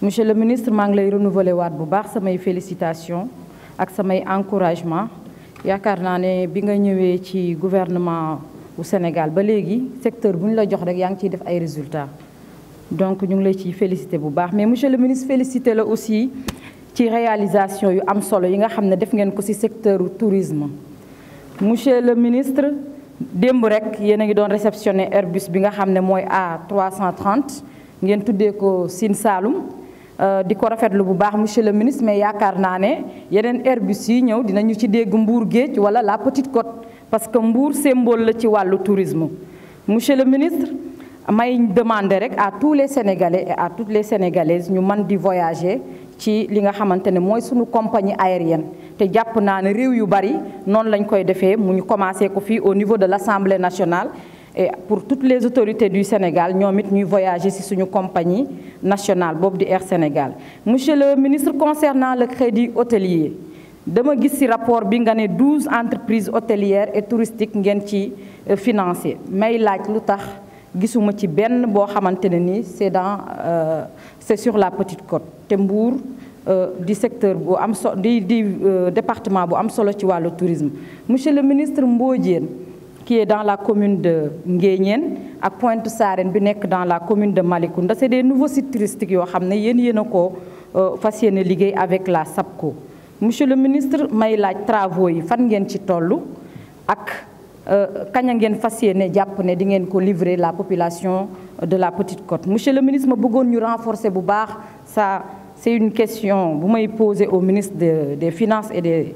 monsieur le ministre maa ngi lay renouveler waat bu baax samay félicitations ak samay encouragement yaakaar naa ne bi nga ñëwee ci gouvernement au Sénégal ba secteur bu ñu la jox rek des ngi def ay résultats donc ñu ngi lay ciy félicité bu baax mais monsieur le ministre félicité le aussi ci réalisation yu am solo yi nga xam ne def ngeen ko ci secteur tourisme monsieur le ministre démb rek yéen ngi doon réceptionné Airbus bi nga xam ne A330 ngeen tuddee ko Sine Saloum euh, di ko rafetlu bu baax monsieur le ministre mais yaakaar naa ne Airbus yi ñëw dinañu ci dégg Mbour Géej wala la Petite Côte parce que Mbour symbole la ci walu tourisme monsieur le ministre may demander rek à tous les sénégalais et à toutes les sénégalaises ñu man di voyager ci li nga xamantene moy suñu compagnie aérienne te japp naane ne réew yu bari non lañ koy défé mu ñu commencé ko fi au niveau de l'Assemblée nationale et pour toutes les autorités du Sénégal nous avons ñuy voyager sur suñu compagnie nationale Bob Air Sénégal monsieur le ministre concernant le crédit hôtelier dama vois ci rapport bi nga 12 entreprises hôtelières et touristiques qui ont euh, financé mais il y a un ci qui a c'est dans euh, c'est sur la Petite Côte Tembour, euh, du secteur du département bu am solo le tourisme monsieur le ministre Mbodiène qui est dans la commune de Nguéniène à Pointe Sarène bi nek dans la commune de Malikunda c'est des nouveaux sites touristiques qui sont ne euh, liés avec la SAPCO monsieur le ministre je laaj travaux yi fan ak euh, ko livrer la population de la Petite Côte monsieur le ministre je vais ñu renforcer bu ça c'est une question vous may poser au ministre des finances et des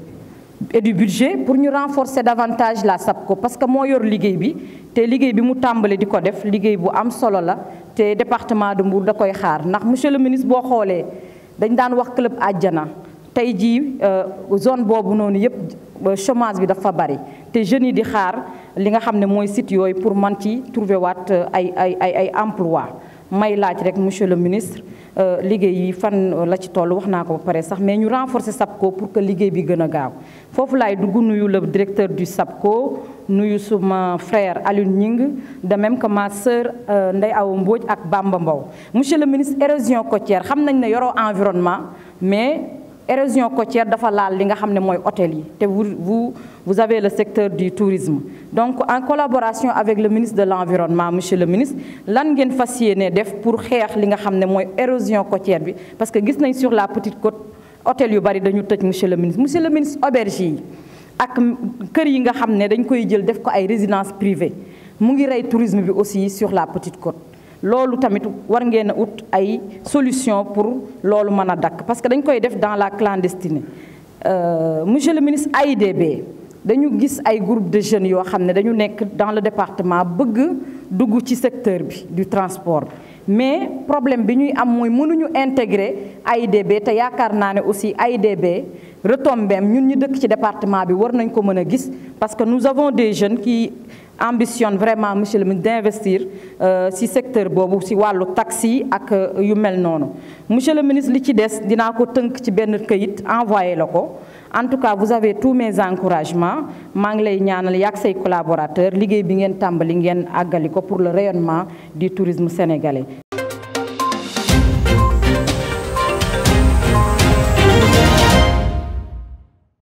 et du budget pour nous renforcer davantage la SAPCO parce que moi yor liggéey bi te liggéey bi mu tàmbali di ko def liggéey bu am solo la te département de Mbour da koy xaar ndax monsieur le ministre bo xoolee dañ dan wax club adjana, tey jii euh, zone boobu noonu yëpp euh, chômage bi dafa bari te jeunes yi di xaar li nga moi ne mooy site pour man ci trouver wat euh, ay ay ay ay emploi may laaj rek monsieur le ministre euh, liggéey yi fan la ci toll wax ko pare sax mais ñu renforcer SAPCO pour que liggéey bi gëna a gaaw foofu laay dugg nuyu le directeur du SAPCO nuyu suma frère Alioune Gningue de même que ma sœur euh, Ndeye Awa Mbodj ak Bamba Mbaw monsieur le ministre érosion côtière xam nañ né yoro environnement mais érosion côtière vous avez le secteur du tourisme donc en collaboration avec le ministre de l'environnement monsieur le ministre lan ngeen def pour faire li érosion côtière parce que gis nañ sur la petite côte hôtel yu bari dañu monsieur le ministre monsieur le ministre auberge ak kër yi nga dañ résidence privée tourisme aussi sur la petite côte nous tamit war ngeen solution pour lolu meuna parce que dañ koy def dans la clandestine euh, monsieur le ministre AIDB dañu gis ay groupe de jeunes qui xam dans le département bëgg ci secteur du transport mais problème que nous am mooy mënuñu intégrer AIDB te yaakaar naa ne aussi l'AIDB. retombeem ñun ñu dëkk ci département bi war nañ ko parce que nous avons des jeunes qui ambitionnent vraiment monsieur le ministre d'investir ci euh, secteur boobu ci le taxi ak euh, yu mel monsieur le ministre li ci des dinaa ko tënk ci benn en tout cas vous avez tous mes encouragements Je vous ñaanal collaborateurs pour le rayonnement du tourisme sénégalais